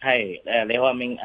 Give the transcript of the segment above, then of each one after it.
係誒，你好，阿明誒，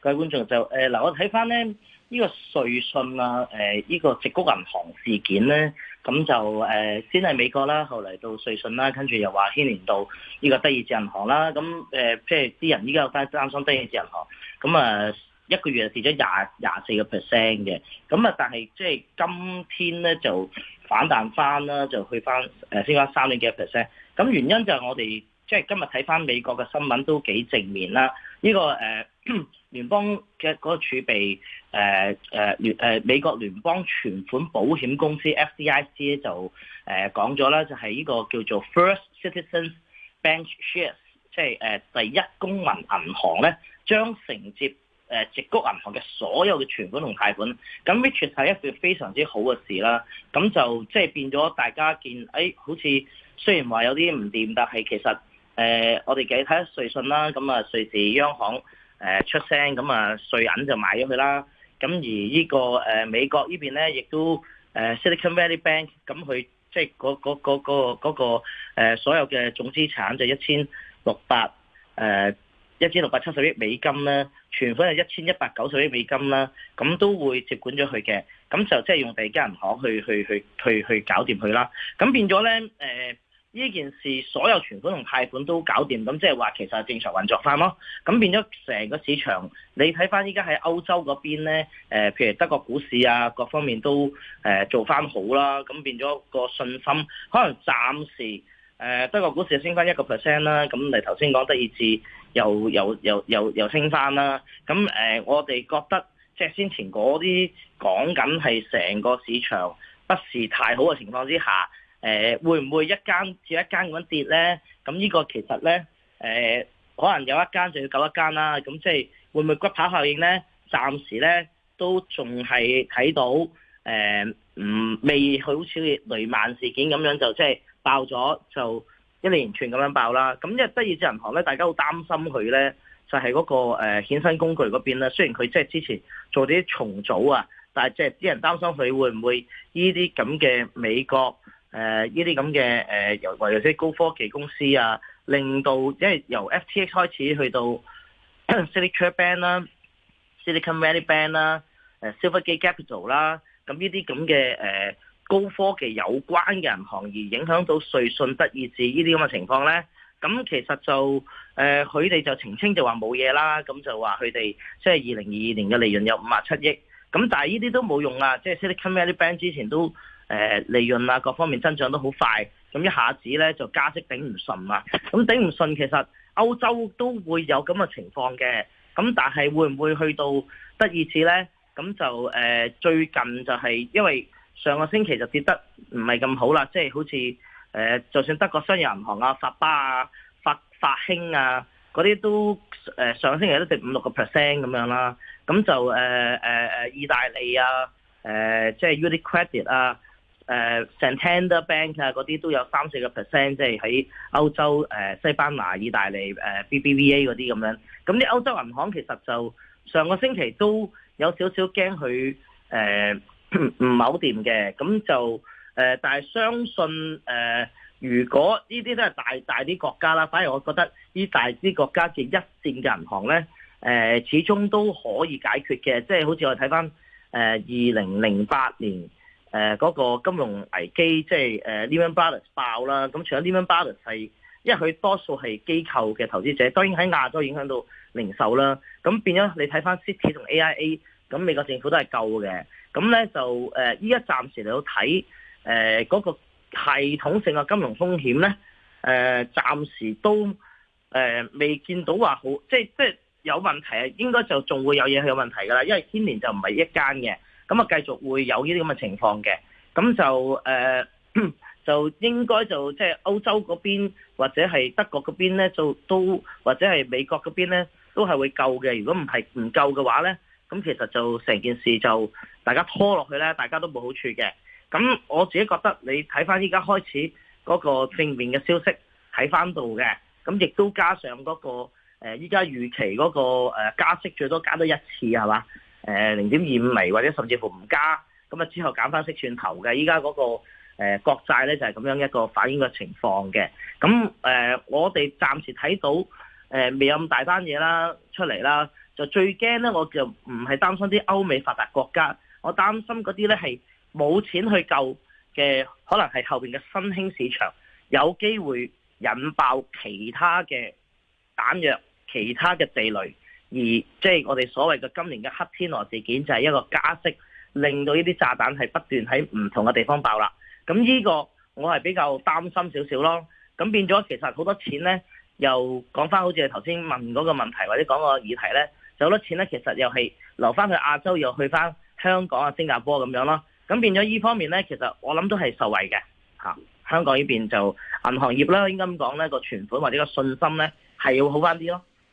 各位觀眾就誒嗱，我睇翻咧呢、這個瑞信啊，誒、這、呢個矽谷銀行事件咧，咁就誒先係美國啦，後嚟到瑞信啦，跟住又話牽連到呢個德意志銀行啦，咁誒，即係啲人依家有翻擔心德意志銀行，咁啊一個月就跌咗廿廿四個 percent 嘅，咁啊但係即係今天咧就反彈翻啦，就去翻誒先翻三點幾個 percent，咁原因就係我哋。即係今日睇翻美國嘅新聞都幾正面啦，呢個誒聯邦嘅嗰個儲備誒誒聯誒美國聯邦存款保險公司 FDIC 咧就誒講咗啦，就係呢個叫做 First Citizens Bankshares，即係誒第一公民銀行咧將承接誒矽谷銀行嘅所有嘅存款同貸款，咁 which 係一件非常之好嘅事啦，咁就即係變咗大家見誒、哎、好似雖然話有啲唔掂，但係其實。誒、呃，我哋嘅睇下瑞信啦，咁啊，瑞士央行誒出聲，咁啊，瑞銀就買咗佢啦。咁而呢、呢個誒、呃、美國邊呢邊咧，亦都誒、呃、Silicon Valley Bank，咁佢即係嗰個嗰、嗰個嗰、嗰個嗰個呃、所有嘅總資產就一千六百誒一千六百七十億美金啦，存款就一千一百九十億美金啦，咁都會接管咗佢嘅，咁就即係用第二間銀行去去去去去搞掂佢啦。咁變咗咧誒。呃呢件事所有存款同貸款都搞掂，咁即係話其實係正常運作翻咯。咁變咗成個市場，你睇翻依家喺歐洲嗰邊咧，譬如德國股市啊，各方面都、呃、做翻好啦。咁變咗個信心，可能暫時、呃、德國股市升翻一個 percent 啦。咁、啊、你頭先講德意志又又又又又升翻啦。咁、呃、我哋覺得即係先前嗰啲講緊係成個市場不是太好嘅情況之下。誒會唔會一間接一間咁跌咧？咁呢個其實咧誒，可能有一間就要救一間啦。咁即係會唔會骨牌效應咧？暫時咧都仲係睇到誒，唔未好似雷曼事件咁樣就即係爆咗就一連串咁樣爆啦。咁因為德意志銀行咧，大家都擔心佢咧就係嗰個誒衍生工具嗰邊啦。雖然佢即係之前做啲重組啊，但係即係啲人擔心佢會唔會呢啲咁嘅美國。誒呢啲咁嘅誒，由或者高科技公司啊，令到即係由 FTX 開始去到 Silicon Valley Bank 啦、Silicon Valley Bank 啦、啊、 啊、Silvergate Capital 啦、啊，咁呢啲咁嘅誒高科技有關嘅銀行而影響到瑞信、德意志呢啲咁嘅情況咧，咁其實就誒佢哋就澄清就話冇嘢啦，咁就話佢哋即係二零二二年嘅利潤有五啊七億，咁但係呢啲都冇用啦，即係 Silicon Valley Bank 之前都。誒利潤啊，各方面增長都好快，咁一下子咧就加息頂唔順啦。咁頂唔順，其實歐洲都會有咁嘅情況嘅。咁但係會唔會去到第二次咧？咁就誒、呃、最近就係、是、因為上個星期就跌得唔係咁好啦，即、就、係、是、好似誒、呃、就算德國商業銀行啊、法巴啊、法法興啊嗰啲都誒、呃、上個星期都跌五六個 percent 咁樣啦、啊。咁就誒、呃呃、意大利啊，誒、呃、即係 UniCredit 啊。誒 Santander Bank 啊，嗰啲都有三四個 percent，即係喺歐洲誒、呃、西班牙、意大利誒、呃、BBVA 嗰啲咁樣。咁啲歐洲銀行其實就上個星期都有少少驚佢誒唔係好掂嘅。咁、呃、 就誒、呃，但係相信誒、呃，如果呢啲都係大大啲國家啦，反而我覺得呢大啲國家嘅一線嘅銀行咧，誒、呃、始終都可以解決嘅。即、就、係、是、好似我睇翻誒二零零八年。誒嗰、呃那個金融危機，即係誒 Lehman Brothers 爆啦，咁除咗 Lehman Brothers 係，因為佢多數係機構嘅投資者，當然喺亞洲影響到零售啦。咁變咗你睇翻 City 同 AIA，咁美國政府都係救嘅。咁咧就誒依家暫時嚟到睇誒嗰個系統性嘅金融風險咧，誒、呃、暫時都誒未、呃、見到話好，即係即係有問題啊！應該就仲會有嘢係有問題噶啦，因為牽連就唔係一間嘅。咁啊，繼續會有呢啲咁嘅情況嘅，咁就誒，就應該就即係歐洲嗰邊或者係德國嗰邊咧，就都或者係美國嗰邊咧，都係會夠嘅。如果唔係唔夠嘅話咧，咁其實就成件事就大家拖落去啦，大家都冇好處嘅。咁我自己覺得，你睇翻依家開始嗰個正面嘅消息睇翻到嘅，咁亦都加上嗰個誒依家預期嗰個誒加息最多加多一次，係嘛？誒零點二五釐或者甚至乎唔加，咁啊之後減翻息寸頭嘅，依家嗰個誒、呃、國債咧就係、是、咁樣一個反映嘅情況嘅。咁誒、呃、我哋暫時睇到誒、呃、未有咁大單嘢啦出嚟啦，就最驚咧我就唔係擔心啲歐美發達國家，我擔心嗰啲咧係冇錢去救嘅，可能係後面嘅新興市場有機會引爆其他嘅彈藥、其他嘅地雷。而即係我哋所謂嘅今年嘅黑天鵝事件，就係一個加息，令到呢啲炸彈係不斷喺唔同嘅地方爆啦。咁呢個我係比較擔心少少咯。咁變咗其實好多錢呢，又講翻好似你頭先問嗰個問題或者講個議題呢，就好多錢呢其實又係留翻去亞洲，又去翻香港啊、新加坡咁樣咯。咁變咗呢方面呢，其實我諗都係受惠嘅。啊，香港呢邊就銀行業啦，應該咁講呢，個存款或者個信心呢，係要好翻啲咯。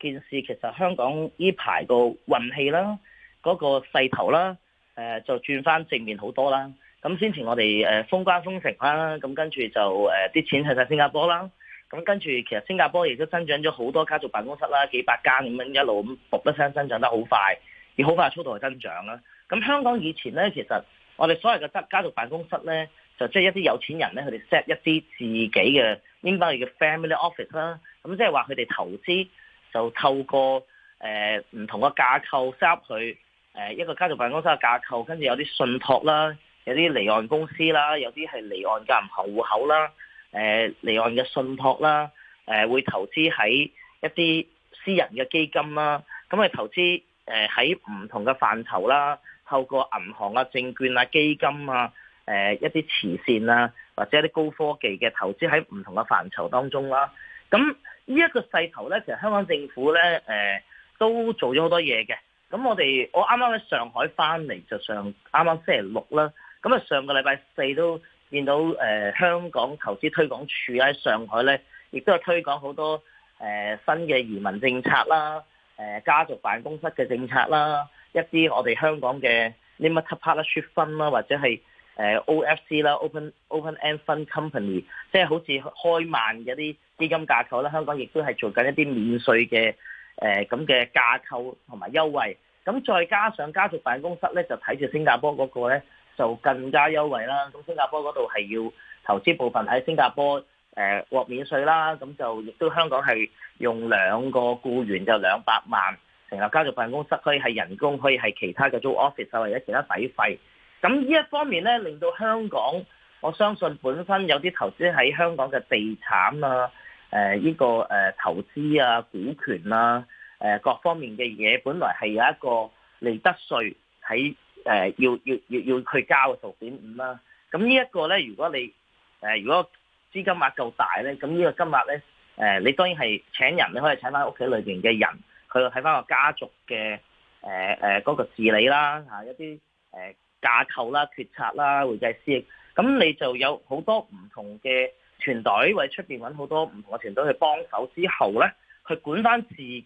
件事其實香港呢排個運氣啦，嗰個勢頭啦，誒就轉翻正面好多啦。咁先前我哋誒封關封城啦，咁跟住就誒啲錢去晒新加坡啦。咁跟住其實新加坡亦都增長咗好多家族辦公室啦，幾百間咁樣一路咁卜一聲增長得好快，而好快速度增長啦。咁香港以前咧，其實我哋所謂嘅家族辦公室咧，就即係一啲有錢人咧，佢哋 set 一啲自己嘅英該嘅 family office 啦。咁即係話佢哋投資。就透過誒、呃、唔同嘅架構，set up 佢誒一個家族辦公室嘅架構，跟住有啲信託啦，有啲離岸公司啦，有啲係離岸嘅銀行戶口啦，誒、呃、離岸嘅信託啦，誒、呃、會投資喺一啲私人嘅基金啦，咁係投資喺唔同嘅範疇啦，透過銀行啊、證券啊、基金啊、誒、呃、一啲慈善啊，或者一啲高科技嘅投資喺唔同嘅範疇當中啦，咁。這個勢呢一個勢頭咧，其實香港政府咧，誒、呃、都做咗好多嘢嘅。咁我哋我啱啱喺上海翻嚟，就上啱啱星期六啦。咁啊，上個禮拜四都見到誒、呃、香港投資推廣處喺上海咧，亦都有推廣好多誒、呃、新嘅移民政策啦、呃、家族辦公室嘅政策啦，一啲我哋香港嘅呢乜七 parted share 分啦，或者係、呃、OFC 啦、open open end fund company，即係好似開慢嗰啲。基金架構咧，香港亦都係做緊一啲免稅嘅，誒咁嘅架構同埋優惠。咁再加上家族辦公室咧，就睇住新加坡嗰個咧就更加優惠啦。咁新加坡嗰度係要投資部分喺新加坡誒獲免稅啦。咁就亦都香港係用兩個僱員就兩百萬成立家族辦公室，可以係人工，可以係其他嘅租 office 或者其他抵費。咁呢一方面咧，令到香港我相信本身有啲投資喺香港嘅地產啊。誒呢個誒投資啊、股權啦、誒各方面嘅嘢，本來係有一個利得稅喺誒要要要要去交嘅六點五啦。咁呢一個咧，如果你誒如果資金額夠大咧，咁呢個金額咧誒，你當然係請人，你可以請翻屋企裏邊嘅人去睇翻個家族嘅誒誒嗰個治理啦嚇，一啲誒架構啦、決策啦、會計師，咁你就有好多唔同嘅。團隊或者出面揾好多唔同嘅團隊去幫手之後咧，去管翻自己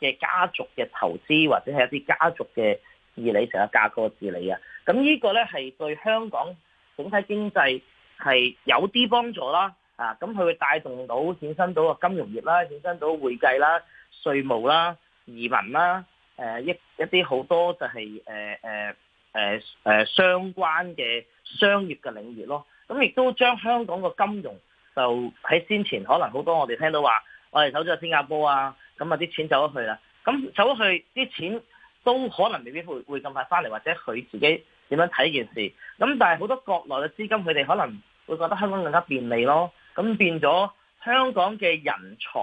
嘅家族嘅投資或者係一啲家族嘅治理，成日家族嘅治理啊。咁呢個咧係對香港整體經濟係有啲幫助啦。啊，咁佢會帶動到、衍生到個金融業啦、衍生到會計啦、稅務啦、移民啦、啊、一一啲好多就係誒誒相關嘅商業嘅領域咯。咁亦都將香港個金融就喺先前可能好多我哋聽到話，我哋走咗去新加坡啊，咁啊啲錢走咗去啦。咁走咗去啲錢都可能未必會會咁快返嚟，或者佢自己點樣睇呢件事。咁但係好多國內嘅資金，佢哋可能會覺得香港更加便利咯。咁變咗香港嘅人才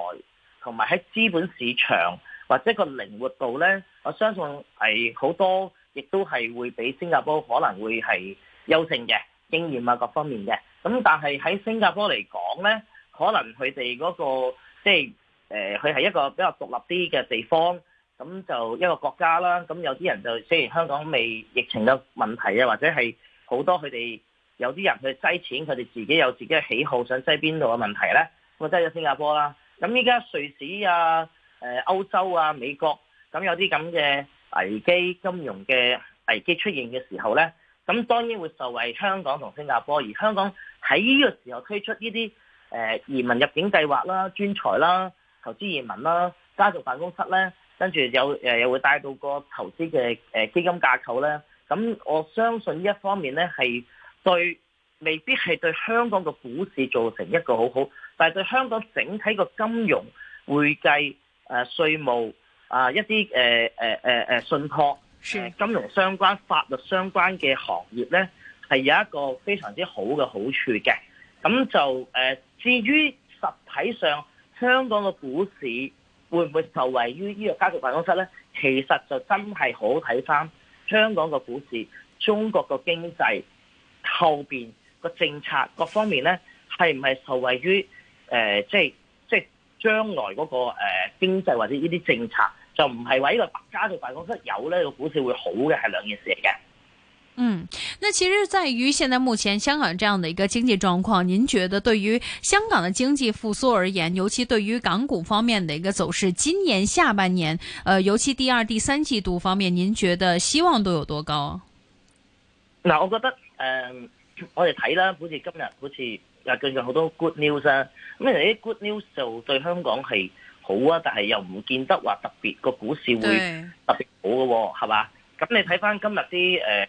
同埋喺資本市場或者個靈活度呢，我相信係好多亦都係會比新加坡可能會係優勝嘅。經驗啊，各方面嘅，咁但係喺新加坡嚟講呢，可能佢哋嗰個即係誒，佢、就、係、是呃、一個比較獨立啲嘅地方，咁就一個國家啦。咁有啲人就雖然香港未疫情嘅問題啊，或者係好多佢哋有啲人去擠錢，佢哋自己有自己嘅喜好，想擠邊度嘅問題呢。咁我擠咗新加坡啦。咁依家瑞士啊、誒、呃、歐洲啊、美國咁有啲咁嘅危機、金融嘅危機出現嘅時候呢，咁當然會受惠香港同新加坡，而香港喺呢個時候推出呢啲誒移民入境計劃啦、專才啦、投資移民啦、家族辦公室咧，跟住有誒又會帶到個投資嘅基金架構咧。咁我相信呢一方面咧係對未必係對香港嘅股市造成一個好好，但係對香港整體個金融會計誒、稅務啊一啲誒誒誒誒信託。金融相關、法律相關嘅行業呢，係有一個非常之好嘅好處嘅。咁就誒、呃，至於實體上香港嘅股市會唔會受惠於呢個家族辦公室呢？其實就真係好睇翻香港嘅股市、中國嘅經濟後邊個政策各方面呢，係唔係受惠於誒，即係即係將來嗰、那個誒、呃、經濟或者呢啲政策？就唔係話呢個家族辦公室有呢、這個股市會好嘅係兩件事嚟嘅。嗯，那其實在於現在目前香港這樣的一個經濟狀況，您覺得對於香港嘅經濟復蘇而言，尤其對於港股方面的一個走勢，今年下半年，呃，尤其第二、第三季度方面，您覺得希望都有多高？嗱、嗯，我覺得誒、呃，我哋睇啦，好似今日好似又最近好多 good news 啊，咁啊啲 good news 就對香港係。好啊，但係又唔見得話特別個股市會特別好嘅喎、啊，係嘛對？咁你睇翻今日啲誒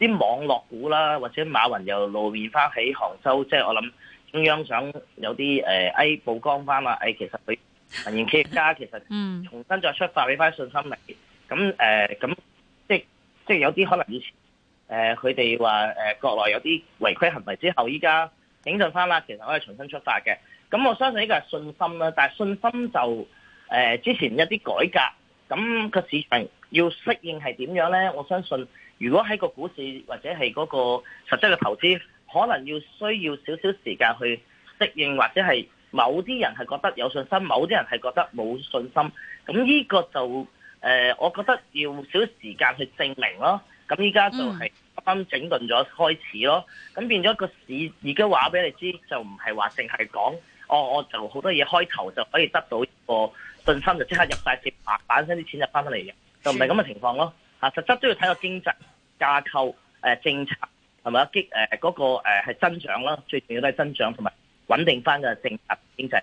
啲網絡股啦，或者馬雲又露面翻喺杭州，即係我諗中央想有啲誒 A 曝光翻啦。誒、哎，其實佢民營企業家其實重新再出發，俾翻信心嚟。咁誒咁即係即係有啲可能以前誒佢哋話誒國內有啲違規行為之後，依家整頓翻啦，其實可以重新出發嘅。咁我相信呢個係信心啦，但係信心就誒、呃、之前一啲改革，咁個市場要適應係點樣咧？我相信如果喺個股市或者係嗰個實際嘅投資，可能要需要少少時間去適應，或者係某啲人係覺得有信心，某啲人係覺得冇信心。咁呢個就誒、呃，我覺得要少少時間去證明咯。咁依家就係啱整頓咗開始咯，咁變咗個市而家話俾你知，就唔係話淨係講。Oh, 我我就好多嘢，開頭就可以得到一個信心就就，就即刻入曬市，版，翻啲錢就翻翻嚟嘅，就唔係咁嘅情況咯。嚇，實質都要睇個經濟架構、政策係咪啊，激嗰個係增長啦，最重要都係增長同埋穩定翻嘅政策經濟。